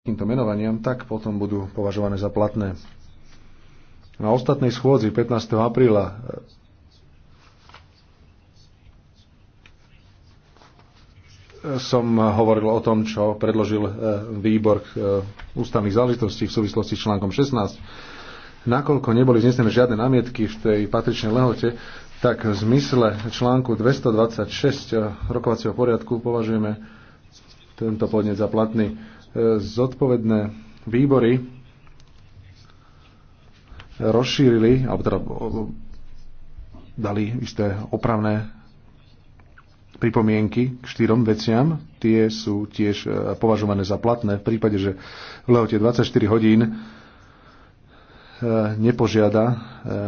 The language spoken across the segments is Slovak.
týmto menovaniam, tak potom budú považované za platné. Na ostatnej schôdzi 15. apríla eh, som hovoril o tom, čo predložil eh, výbor eh, ústavných záležitostí v súvislosti s článkom 16. Nakoľko neboli znesené žiadne námietky v tej patričnej lehote, tak v zmysle článku 226 rokovacieho poriadku považujeme tento podnet za platný zodpovedné výbory rozšírili, alebo teda dali isté opravné pripomienky k štyrom veciam. Tie sú tiež e, považované za platné v prípade, že v lehote 24 hodín e, nepožiada,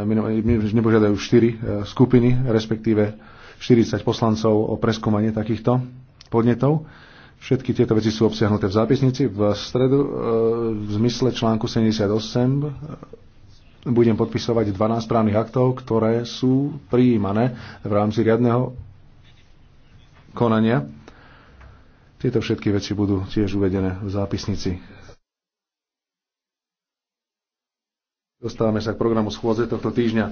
e, nepožiadajú štyri skupiny, respektíve 40 poslancov o preskúmanie takýchto podnetov. Všetky tieto veci sú obsiahnuté v zápisnici. V stredu e, v zmysle článku 78 e, budem podpisovať 12 právnych aktov, ktoré sú prijímané v rámci riadneho konania. Tieto všetky veci budú tiež uvedené v zápisnici. Dostávame sa k programu schôdze tohto týždňa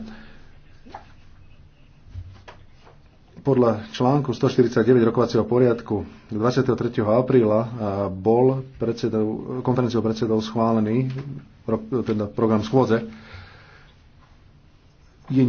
podľa článku 149 rokovacieho poriadku 23. apríla eh, bol predsedov, konferenciou predsedov schválený eh, teda program schôdze. Je nie